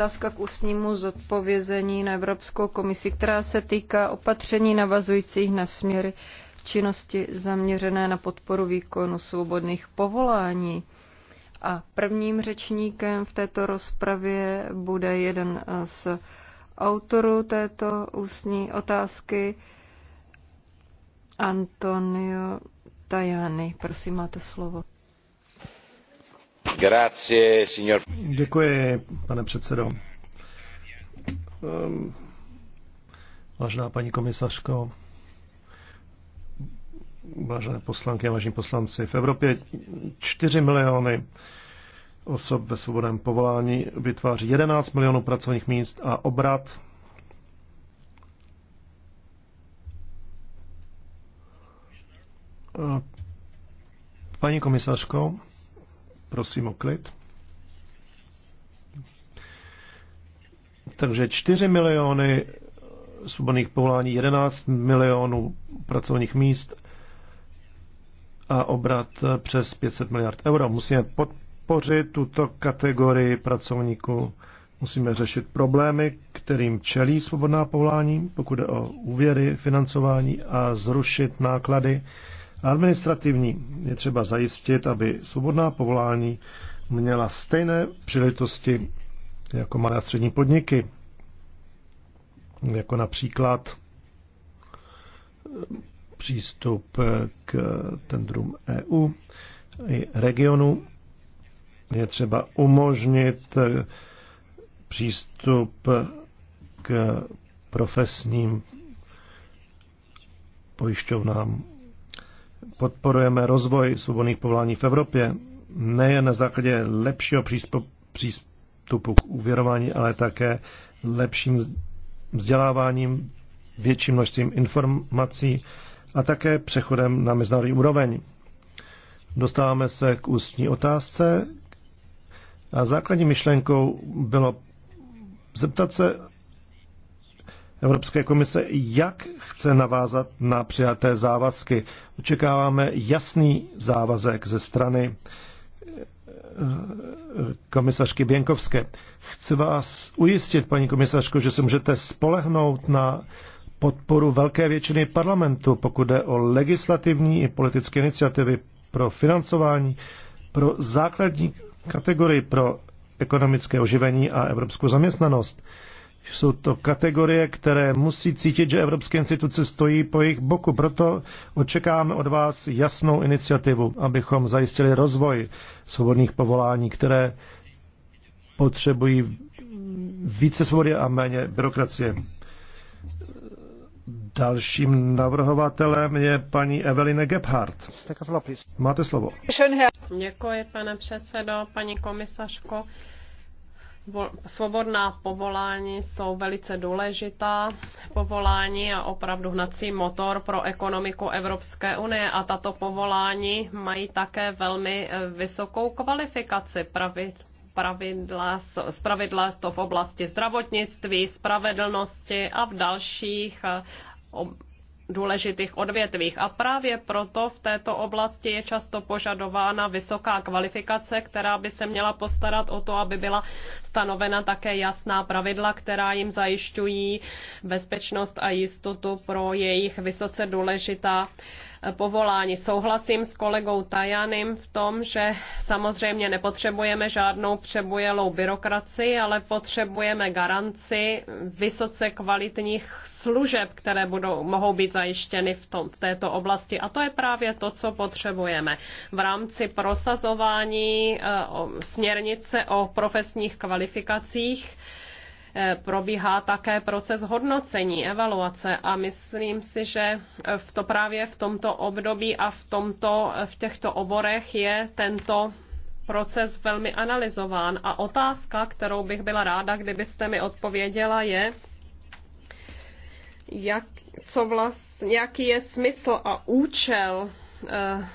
Otázka k ústnímu zodpovězení na Evropskou komisi, která se týká opatření navazujících na směry činnosti zaměřené na podporu výkonu svobodných povolání. A prvním řečníkem v této rozpravě bude jeden z autorů této ústní otázky, Antonio Tajani. Prosím, máte slovo. Děkuji, pane předsedo. Ehm, vážená paní komisařko, vážené poslanky a vážení poslanci, v Evropě 4 miliony osob ve svobodném povolání vytváří 11 milionů pracovních míst a obrat Paní komisařko, Prosím o klid. Takže 4 miliony svobodných povolání, 11 milionů pracovních míst a obrat přes 500 miliard euro. Musíme podpořit tuto kategorii pracovníků. Musíme řešit problémy, kterým čelí svobodná povolání, pokud jde o úvěry, financování a zrušit náklady administrativní. Je třeba zajistit, aby svobodná povolání měla stejné příležitosti jako malé a střední podniky, jako například eh, přístup eh, k tendrům EU i regionu. Je třeba umožnit eh, přístup k profesním pojišťovnám Podporujeme rozvoj svobodných povolání v Evropě, nejen na základě lepšího přístupu k uvěrování, ale také lepším vzděláváním, větším množstvím informací a také přechodem na mezinárodní úroveň. Dostáváme se k ústní otázce a základní myšlenkou bylo zeptat se Evropské komise, jak chce navázat na přijaté závazky. Očekáváme jasný závazek ze strany eh, eh, komisařky Běnkovské. Chci vás ujistit, paní komisařko, že se můžete spolehnout na podporu velké většiny parlamentu, pokud jde o legislativní i politické iniciativy pro financování, pro základní kategorii pro ekonomické oživení a evropskou zaměstnanost. Jsou to kategorie, které musí cítit, že evropské instituce stojí po jejich boku. Proto očekáváme od vás jasnou iniciativu, abychom zajistili rozvoj svobodných povolání, které potřebují více svobody a méně byrokracie. Dalším navrhovatelem je paní Eveline Gebhardt. Máte slovo. Děkuji, pane předsedo, paní komisařko. Svobodná povolání jsou velice důležitá povolání a opravdu hnací motor pro ekonomiku Evropské unie a tato povolání mají také velmi eh, vysokou kvalifikaci pravid, pravidla, zpravidla to v oblasti zdravotnictví, spravedlnosti a v dalších eh, důležitých odvětvích. A právě proto v této oblasti je často požadována vysoká kvalifikace, která by se měla postarat o to, aby byla stanovena také jasná pravidla, která jim zajišťují bezpečnost a jistotu pro jejich vysoce důležitá povolání. Souhlasím s kolegou Tajanem v tom, že samozřejmě nepotřebujeme žádnou přebujelou byrokracii, ale potřebujeme garanci vysoce kvalitních služeb, které budou, mohou být zajištěny v, tom, v této oblasti. A to je právě to, co potřebujeme. V rámci prosazování eh, směrnice o profesních kvalifikacích probíhá také proces hodnocení, evaluace a myslím si, že v to právě v tomto období a v, tomto, v těchto oborech je tento proces velmi analyzován. A otázka, kterou bych byla ráda, kdybyste mi odpověděla, je, jak, co vlast, jaký je smysl a účel eh,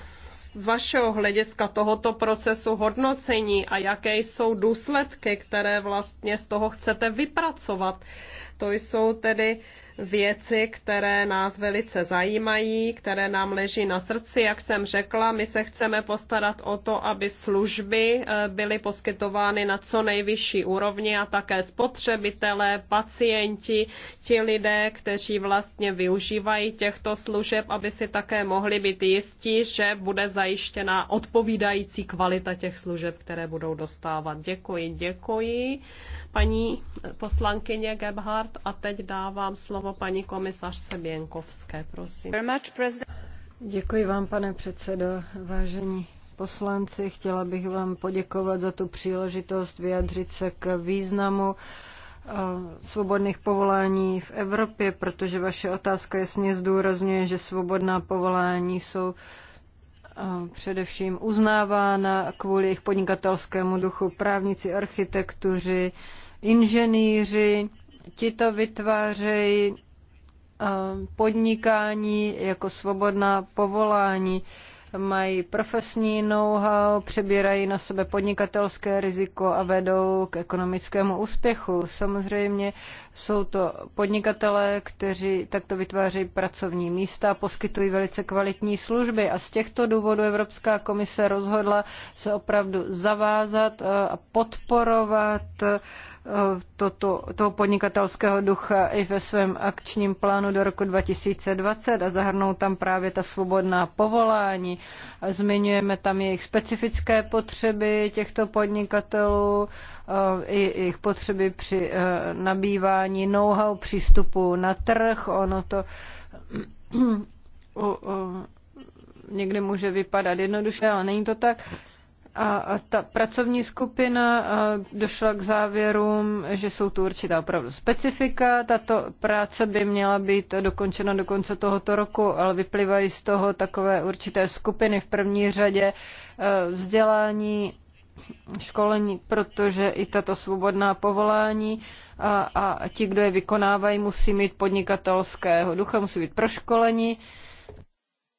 z vašeho hlediska tohoto procesu hodnocení a jaké jsou důsledky, které vlastně z toho chcete vypracovat to jsou tedy věci, které nás velice zajímají, které nám leží na srdci. Jak jsem řekla, my se chceme postarat o to, aby služby eh, byly poskytovány na co nejvyšší úrovni a také spotřebitelé, pacienti, ti lidé, kteří vlastně využívají těchto služeb, aby si také mohli být jistí, že bude zajištěna odpovídající kvalita těch služeb, které budou dostávat. Děkuji, děkuji. Paní poslankyně Gebhardt. Gebhardt a teď dávám slovo paní komisařce Běnkovské, prosím. Děkuji vám, pane předsedo, vážení poslanci. Chtěla bych vám poděkovat za tu příležitost vyjadřit se k významu eh, svobodných povolání v Evropě, protože vaše otázka jasně zdůrazňuje, že svobodná povolání jsou eh, především uznávána kvůli jejich podnikatelskému duchu právníci, architektuři, inženýři, Tito vytvářejí eh, podnikání jako svobodná povolání, mají profesní know-how, přebírají na sebe podnikatelské riziko a vedou k ekonomickému úspěchu. Samozřejmě jsou to podnikatelé, kteří takto vytvářejí pracovní místa a poskytují velice kvalitní služby. A z těchto důvodů Evropská komise rozhodla se opravdu zavázat eh, a podporovat eh, toto, toho podnikatelského ducha i ve svém akčním plánu do roku 2020 a zahrnou tam právě ta svobodná povolání. Zmiňujeme tam jejich specifické potřeby těchto podnikatelů, i jejich potřeby při e, nabývání know-how, přístupu na trh, ono to někdy může vypadat jednoduše, ale není to tak. A ta pracovní skupina e, došla k závěrům, že jsou tu určitá opravdu specifika. Tato práce by měla být dokončena do konce tohoto roku, ale vyplývají z toho takové určité skupiny v první řadě e, vzdělání školení, protože i tato svobodná povolání a, a ti, kdo je vykonávají, musí mít podnikatelského ducha, musí být proškolení.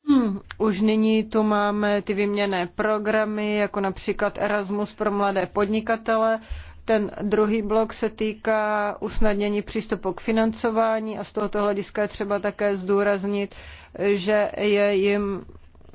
Hmm, už nyní tu máme ty vyměné programy, jako například Erasmus pro mladé podnikatele. Ten druhý blok se týká usnadnění přístupu k financování a z tohoto hlediska je třeba také zdůraznit, že je jim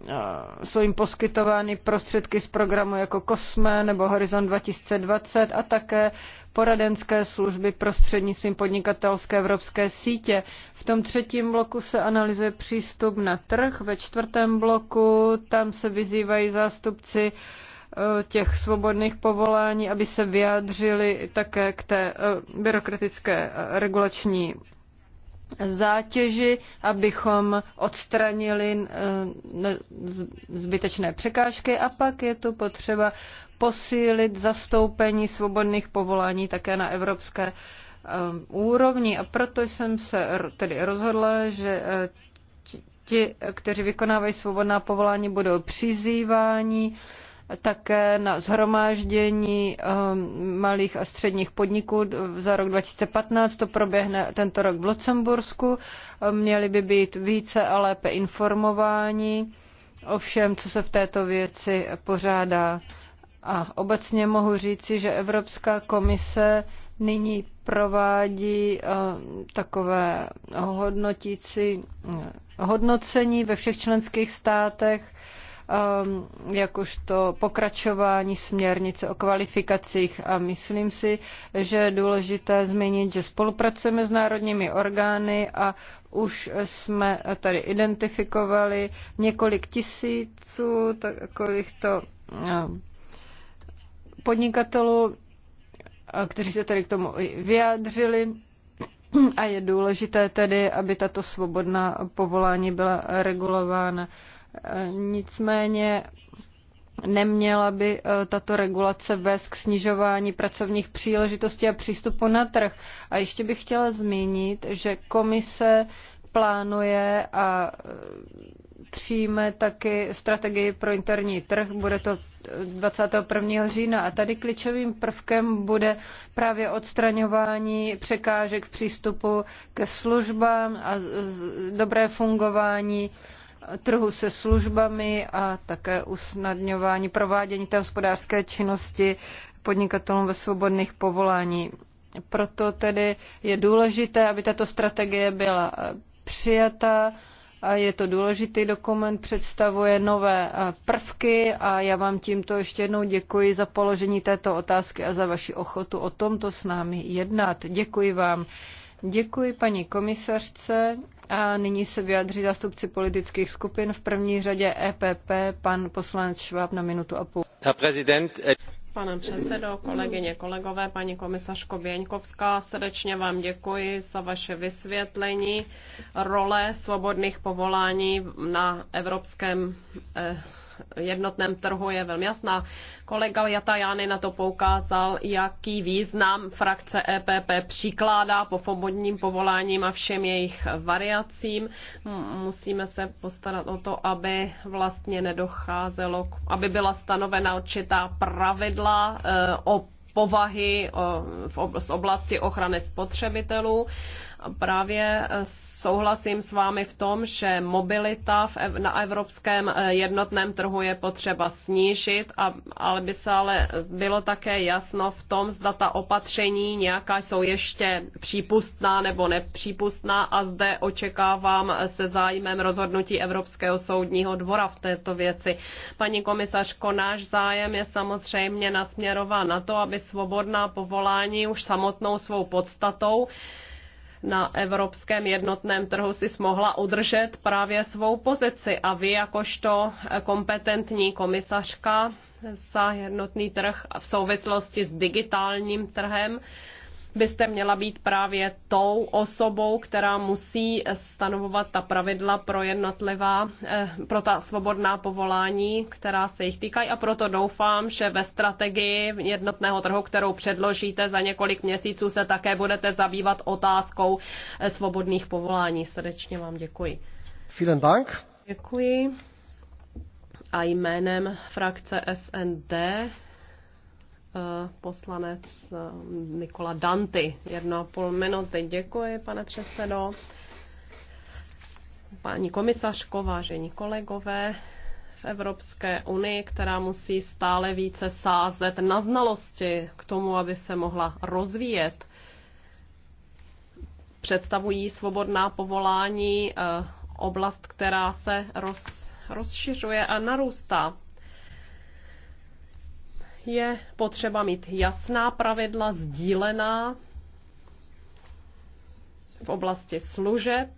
Eh, jsou jim poskytovány prostředky z programu jako COSME nebo Horizon 2020 a také poradenské služby prostřednictvím podnikatelské evropské sítě. V tom třetím bloku se analyzuje přístup na trh, ve čtvrtém bloku tam se vyzývají zástupci eh, těch svobodných povolání, aby se vyjádřili také k té eh, byrokratické regulační zátěži, abychom odstranili eh, zbytečné překážky a pak je tu potřeba posílit zastoupení svobodných povolání také na evropské eh, úrovni a proto jsem se tedy rozhodla, že eh, ti, kteří vykonávají svobodná povolání, budou přizýváni také na zhromáždění ehm, malých a středních podniků za rok 2015. To proběhne tento rok v Lucembursku. Ehm, měli by být více a lépe informováni o všem, co se v této věci pořádá. A obecně mohu říci, že Evropská komise nyní provádí ehm, takové hodnotící hodnocení ve všech členských státech Ehm, jakožto pokračování směrnice o kvalifikacích a myslím si, že je důležité zmínit, že spolupracujeme s národními orgány a už jsme tady identifikovali několik tisíců takovýchto ehm, podnikatelů, kteří se tady k tomu vyjádřili. A je důležité tedy, aby tato svobodná povolání byla regulována Nicméně neměla by eh, tato regulace vést k snižování pracovních příležitostí a přístupu na trh. A ještě bych chtěla zmínit, že komise plánuje a eh, přijme taky strategii pro interní trh, bude to 21. Eh, října. A tady klíčovým prvkem bude právě odstraňování překážek přístupu ke službám a dobré fungování uh, trhu se službami a také usnadňování provádění té hospodářské činnosti podnikatelům ve svobodných povolání. Proto tedy je důležité, aby tato strategie byla eh, přijata a je to důležitý dokument, představuje nové eh, prvky a já vám tímto ještě jednou děkuji za položení této otázky a za vaši ochotu o tomto s námi jednat. Děkuji vám. Děkuji paní komisařce a nyní se vyjádří zástupci politických skupin. V první řadě EPP pan poslanec Šváb na minutu a půl. Äh, Pane předsedo, kolegyně, kolegové, paní komisařko Běňkovská, srdečně vám děkuji za vaše vysvětlení role svobodných povolání na evropském eh, jednotném trhu je velmi jasná. Kolega Jatajány na to poukázal, jaký význam frakce EPP přikládá po fobodním povoláním a všem jejich variacím. Musíme se postarat o to, aby vlastně nedocházelo, aby byla stanovena určitá pravidla eh, o povahy z oblasti ochrany spotřebitelů Právě eh, souhlasím s vámi v tom, že mobilita na evropském eh, jednotném trhu je potřeba snížit, ale by se ale bylo také jasno v tom, zda ta opatření nějaká jsou ještě přípustná nebo nepřípustná a zde očekávám eh, se zájmem rozhodnutí Evropského soudního dvora v této věci. Paní komisařko, náš zájem je samozřejmě nasměrován na to, aby svobodná povolání už samotnou svou podstatou na evropském jednotném trhu si smohla udržet právě svou pozici a vy jakožto kompetentní komisařka za jednotný trh v souvislosti s digitálním trhem byste měla být právě tou osobou, která musí stanovovat ta pravidla pro jednotlivá, eh, pro ta svobodná povolání, která se jich týkají a proto doufám, že ve strategii jednotného trhu, kterou předložíte za několik měsíců, se také budete zabývat otázkou eh, svobodných povolání. Srdečně vám děkuji. Vielen Dank. Děkuji. A jménem frakce SND Eh, poslanec eh, Nikola Danty. Jedno a půl minuty. Děkuji, pane předsedo. Paní komisařko, vážení kolegové, v Evropské unii, která musí stále více sázet na znalosti k tomu, aby se mohla rozvíjet, představují svobodná povolání eh, oblast, která se roz, rozšiřuje a narůstá je potřeba mít jasná pravidla, sdílená v oblasti služeb.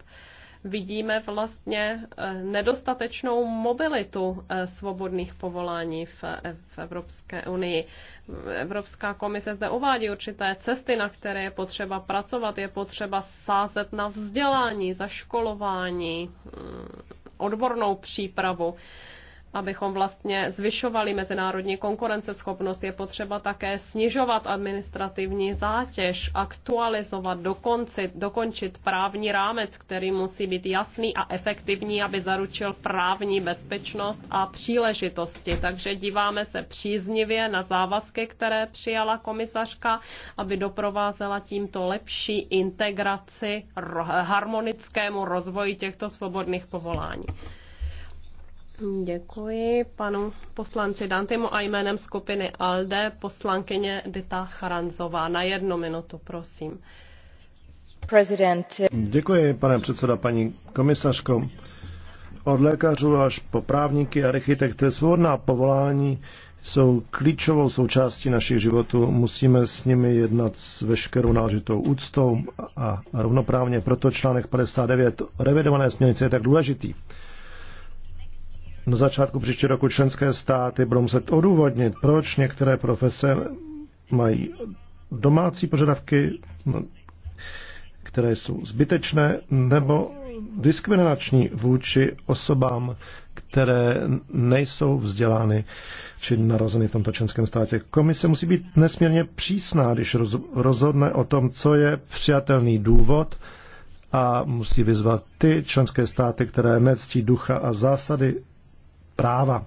Vidíme vlastně eh, nedostatečnou mobilitu eh, svobodných povolání v, eh, v Evropské unii. Evropská komise zde uvádí určité cesty, na které je potřeba pracovat. Je potřeba sázet na vzdělání, zaškolování, mm, odbornou přípravu abychom vlastně zvyšovali mezinárodní konkurenceschopnost, je potřeba také snižovat administrativní zátěž, aktualizovat, dokončit, dokončit právní rámec, který musí být jasný a efektivní, aby zaručil právní bezpečnost a příležitosti. Takže díváme se příznivě na závazky, které přijala komisařka, aby doprovázela tímto lepší integraci harmonickému rozvoji těchto svobodných povolání. Děkuji panu poslanci Dantimu a jménem skupiny ALDE poslankyně Dita Charanzová. Na jednu minutu, prosím. President. Děkuji, pane předseda, paní komisařko. Od lékařů až po právníky, architekty, svobodná povolání jsou klíčovou součástí našich životů. Musíme s nimi jednat s veškerou náležitou úctou a rovnoprávně. Proto článek 59 revidované směrnice je tak důležitý na začátku příští roku členské státy budou muset odůvodnit, proč některé profese mají domácí požadavky, no, které jsou zbytečné nebo diskriminační vůči osobám, které nejsou vzdělány či narozeny v tomto členském státě. Komise musí být nesmírně přísná, když rozhodne o tom, co je přijatelný důvod a musí vyzvat ty členské státy, které nectí ducha a zásady práva.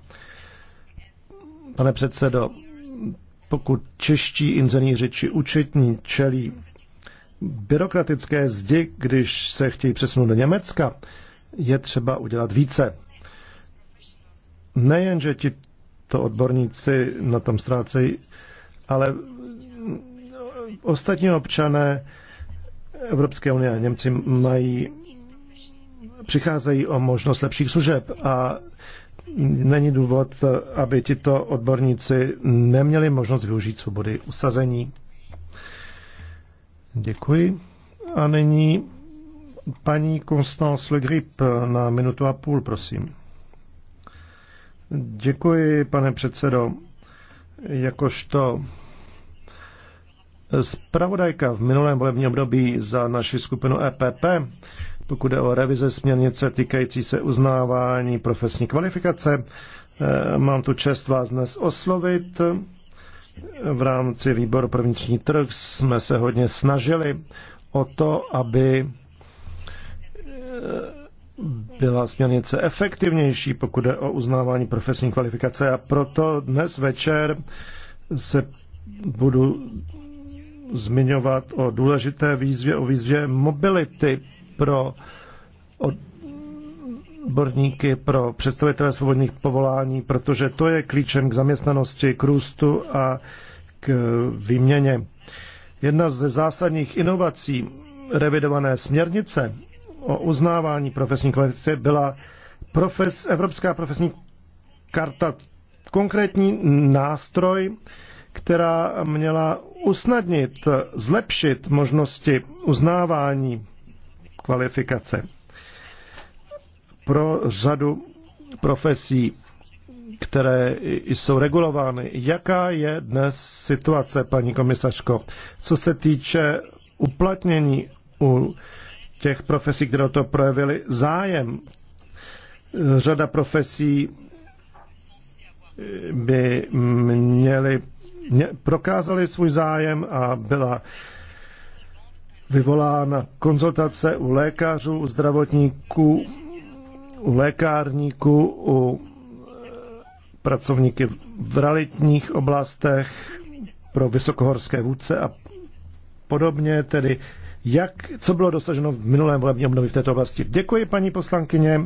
Pane předsedo, pokud čeští inženýři či účetní čelí byrokratické zdi, když se chtějí přesunout do Německa, je třeba udělat více. Nejen, že ti to odborníci na tom ztrácejí, ale ostatní občané Evropské unie a Němci mají, přicházejí o možnost lepších služeb a není důvod, aby tito odborníci neměli možnost využít svobody usazení. Děkuji. A nyní paní Constance Le Grip na minutu a půl, prosím. Děkuji, pane předsedo. Jakožto Spravodajka v minulém volebním období za naši skupinu EPP pokud je o revize směrnice týkající se uznávání profesní kvalifikace. Eh, mám tu čest vás dnes oslovit. V rámci výboru pro vnitřní trh jsme se hodně snažili o to, aby eh, byla směrnice efektivnější, pokud je o uznávání profesní kvalifikace a proto dnes večer se budu zmiňovat o důležité výzvě, o výzvě mobility pro odborníky, pro představitele svobodných povolání, protože to je klíčem k zaměstnanosti, k růstu a k výměně. Jedna ze zásadních inovací revidované směrnice o uznávání profesní kvalifikace byla profes, Evropská profesní karta, konkrétní nástroj, která měla usnadnit, zlepšit možnosti uznávání kvalifikace. Pro řadu profesí, které jsou regulovány, jaká je dnes situace, paní komisařko, co se týče uplatnění u těch profesí, které to projevily zájem. Řada profesí by měly, mě, prokázaly svůj zájem a byla vyvolána konzultace u lékařů, u zdravotníků, u lékárníků, u e, pracovníky v realitních oblastech, pro vysokohorské vůdce a podobně, tedy jak, co bylo dosaženo v minulém volebním období v této oblasti. Děkuji, paní poslankyně.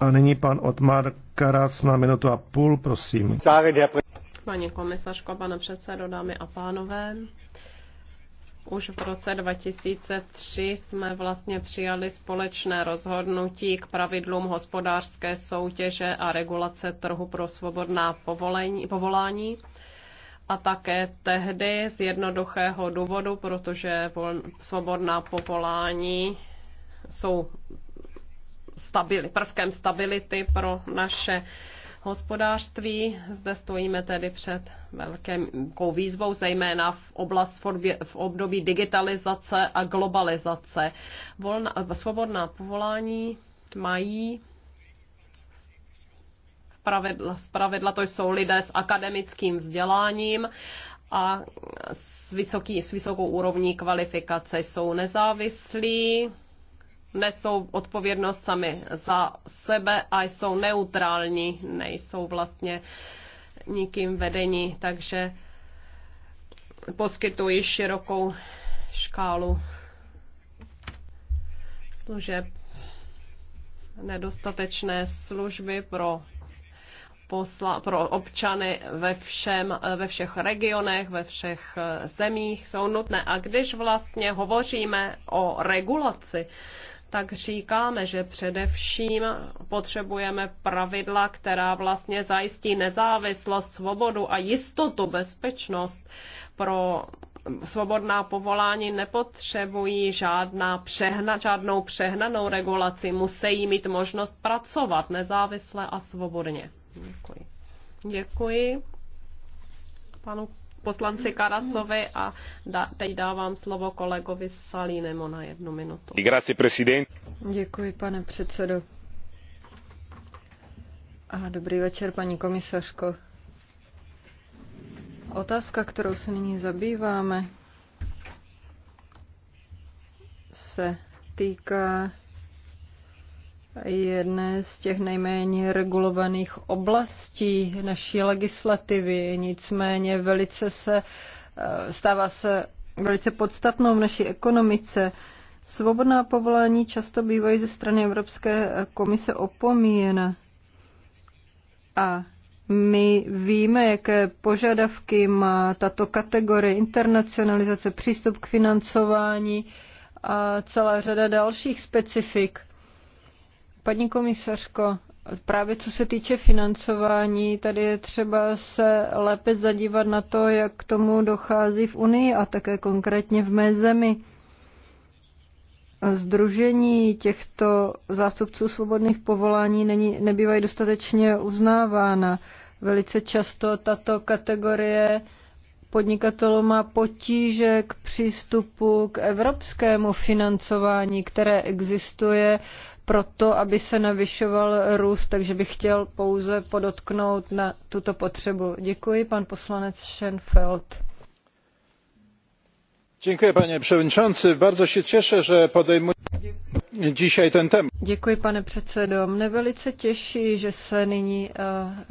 A nyní pan Otmar Karac na minutu a půl, prosím. Pani komisařko, pane předsedo, dámy a pánové, už v roce 2003 jsme vlastně přijali společné rozhodnutí k pravidlům hospodářské soutěže a regulace trhu pro svobodná povolení, povolání. A také tehdy z jednoduchého důvodu, protože svobodná povolání jsou stabili, prvkem stability pro naše hospodářství. Zde stojíme tedy před velkou výzvou, zejména v, oblast, v období digitalizace a globalizace. Volna, svobodná povolání mají pravidla, pravidla to jsou lidé s akademickým vzděláním a s, vysoký, s vysokou úrovní kvalifikace jsou nezávislí, nesou odpovědnost sami za sebe a jsou neutrální, nejsou vlastně nikým vedení, takže poskytují širokou škálu služeb, nedostatečné služby pro posla, pro občany ve, všem, ve všech regionech, ve všech eh, zemích jsou nutné. A když vlastně hovoříme o regulaci, tak říkáme, že především potřebujeme pravidla, která vlastně zajistí nezávislost, svobodu a jistotu, bezpečnost pro svobodná povolání nepotřebují žádná přehna, žádnou přehnanou regulaci, musí mít možnost pracovat nezávisle a svobodně. Děkuji. Děkuji panu poslanci Karasovi a da, teď dávám slovo kolegovi Salínemu na jednu minutu. Děkuji, pane předsedo. A dobrý večer, paní komisařko. Otázka, kterou se nyní zabýváme, se týká jedné z těch nejméně regulovaných oblastí naší legislativy. Nicméně velice se eh, stává se velice podstatnou v naší ekonomice. Svobodná povolání často bývají ze strany Evropské komise opomíjena. A my víme, jaké požadavky má tato kategorie internacionalizace, přístup k financování a celá řada dalších specifik. Paní komisařko, právě co se týče financování, tady je třeba se lépe zadívat na to, jak k tomu dochází v Unii a také konkrétně v mé zemi. Združení těchto zástupců svobodných povolání není, nebývají dostatečně uznávána. Velice často tato kategorie podnikatelů má potíže k přístupu k evropskému financování, které existuje proto, aby se navyšoval růst, takže bych chtěl pouze podotknout na tuto potřebu. Děkuji, pan poslanec Schenfeld. Děkuji, pane předsedající. Bardzo se těším, že podejmu dzisiaj ten téma. Děkuji, pane předsedo. Mne velice těší, že se nyní eh,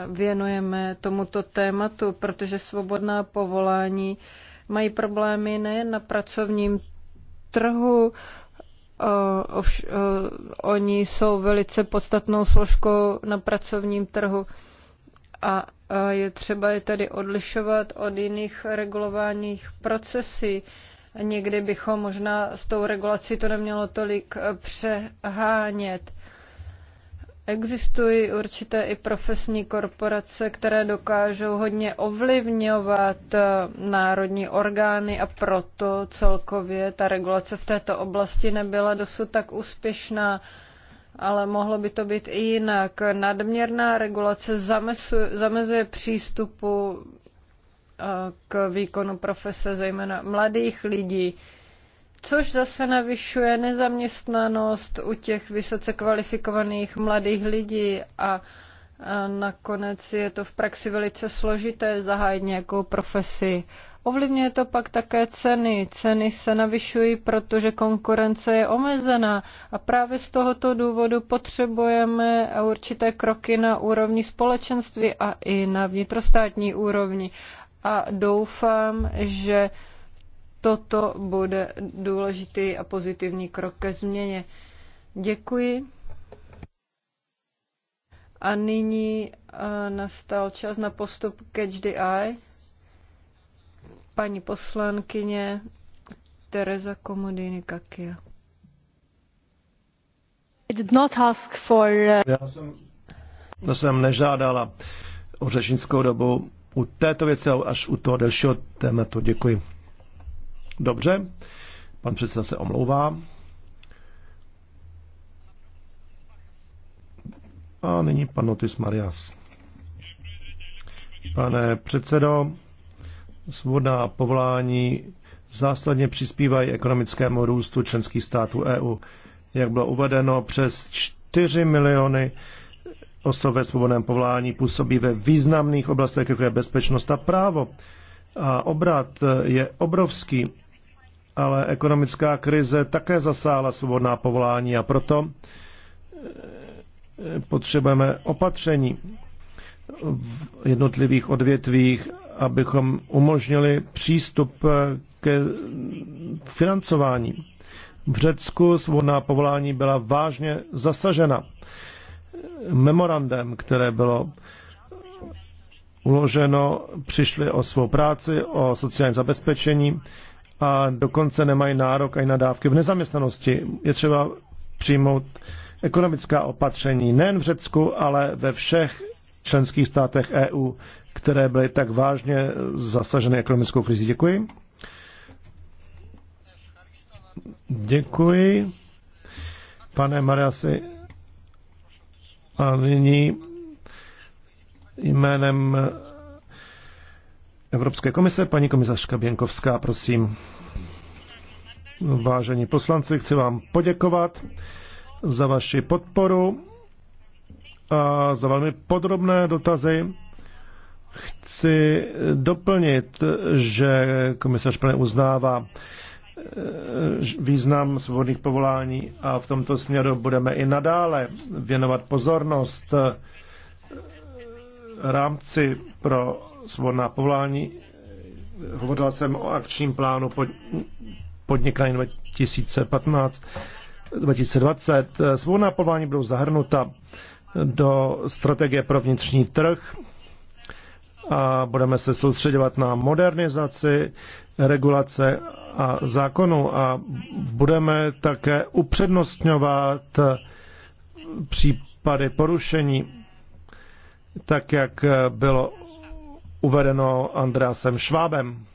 věnujeme tomuto tématu, protože svobodná povolání mají problémy nejen na pracovním trhu, Eh, ovš, eh, oni jsou velice podstatnou složkou na pracovním trhu a eh, je třeba je tady odlišovat od jiných regulovaných procesů. Někdy bychom možná s tou regulací to nemělo tolik přehánět. Existují určité i profesní korporace, které dokážou hodně ovlivňovat eh, národní orgány a proto celkově ta regulace v této oblasti nebyla dosud tak úspěšná ale mohlo by to být i jinak. Nadměrná regulace zamezuje, zamezuje přístupu eh, k výkonu profese, zejména mladých lidí což zase navyšuje nezaměstnanost u těch vysoce kvalifikovaných mladých lidí a a nakonec je to v praxi velice složité zahájit nějakou profesi. Ovlivňuje to pak také ceny. Ceny se navyšují, protože konkurence je omezená a právě z tohoto důvodu potřebujeme určité kroky na úrovni společenství a i na vnitrostátní úrovni. A doufám, že toto bude důležitý a pozitivní krok ke změně. Děkuji. A nyní eh, nastal čas na postup Catch the Eye. Paní poslankyně Teresa Komodiny Kakia. Eh, já jsem, já jsem nežádala o řečnickou dobu u této věci, až u toho delšího tématu. Děkuji. Dobře, pan předseda se omlouvá. A nyní pan Notis Marias. Pane předsedo, svobodná povolání zásadně přispívají ekonomickému růstu členských států EU. Jak bylo uvedeno, přes 4 miliony osob ve svobodném povolání působí ve významných oblastech, jako je bezpečnost a právo. A obrat je obrovský ale ekonomická krize také zasáhla svobodná povolání a proto eh, potřebujeme opatření v jednotlivých odvětvích, abychom umožnili přístup eh, ke financování. V Řecku svobodná povolání byla vážně zasažena memorandem, které bylo uloženo, přišli o svou práci, o sociální zabezpečení a dokonce nemají nárok ani na dávky v nezaměstnanosti. Je třeba přijmout ekonomická opatření nejen v Řecku, ale ve všech členských státech EU, které byly tak vážně zasaženy ekonomickou krizi. Děkuji. Děkuji. Pane Mariasi, a nyní jménem Evropské komise, paní komisařka Běnkovská, prosím. Vážení poslanci, chci vám poděkovat za vaši podporu a za velmi podrobné dotazy. Chci doplnit, že komisař plně uznává eh, význam svobodných povolání a v tomto směru budeme i nadále věnovat pozornost rámci pro svobodná povolání hovořil jsem o akčním plánu pod, podnikání 2015 2020. Svobodná povolání budou zahrnuta do strategie pro vnitřní trh a budeme se soustředovat na modernizaci regulace a zákonu a budeme také upřednostňovat případy porušení tak jak eh, bylo uvedeno Andreasem Švábem.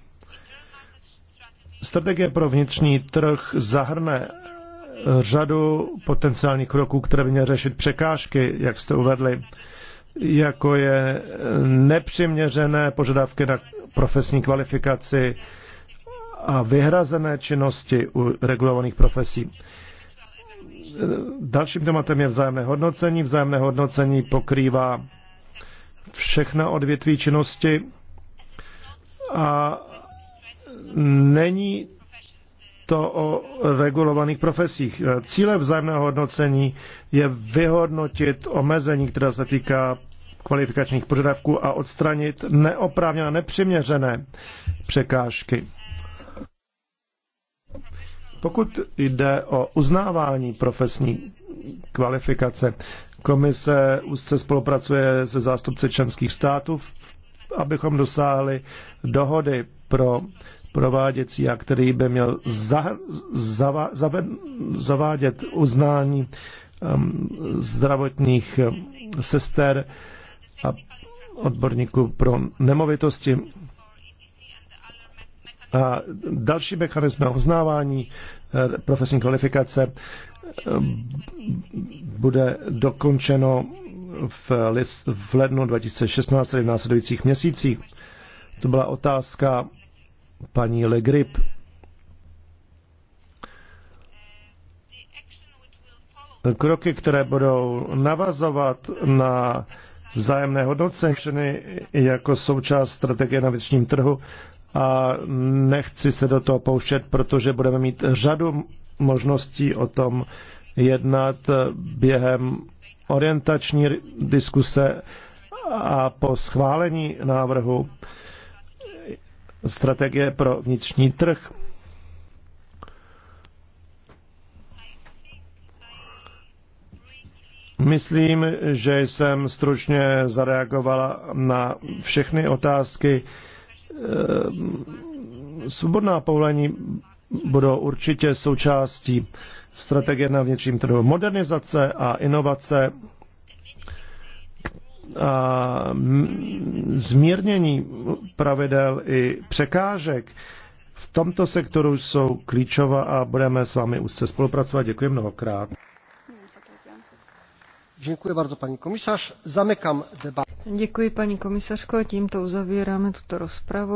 Strategie pro vnitřní trh zahrne eh, řadu potenciálních kroků, které by měly řešit překážky, jak jste uvedli, jako je eh, nepřiměřené požadavky na profesní kvalifikaci a vyhrazené činnosti u regulovaných profesí. Dalším tématem je vzájemné hodnocení. Vzájemné hodnocení pokrývá všechna odvětví činnosti a není to o regulovaných profesích. Cíle vzájemného hodnocení je vyhodnotit omezení, která se týká kvalifikačních požadavků a odstranit neoprávněné, nepřiměřené překážky. Pokud jde o uznávání profesní kvalifikace, Komise úzce spolupracuje se zástupci členských států, abychom dosáhli dohody pro prováděcí a který by měl za, za, za, zavádět uznání um, zdravotních sester a odborníků pro nemovitosti. A další mechanismy uznávání eh, profesní kvalifikace Ehm, bude dokončeno v, list, v lednu 2016, tedy v následujících měsících. To byla otázka paní Legrip. Kroky, které budou navazovat na vzájemné hodnocení jako součást strategie na vnitřním trhu a nechci se do toho pouštět, protože budeme mít řadu možností o tom jednat během orientační diskuse a po schválení návrhu strategie pro vnitřní trh. Myslím, že jsem stručně zareagovala na všechny otázky. Ehm, svobodná povolení budou určitě součástí strategie na vnitřním trhu. Modernizace a inovace a zmírnění pravidel i překážek v tomto sektoru jsou klíčová a budeme s vámi úzce spolupracovat. Děkuji mnohokrát. Děkuji bardzo, paní komisař. Zamykám debatu. Děkuji, paní komisařko. Tímto uzavíráme tuto rozpravu.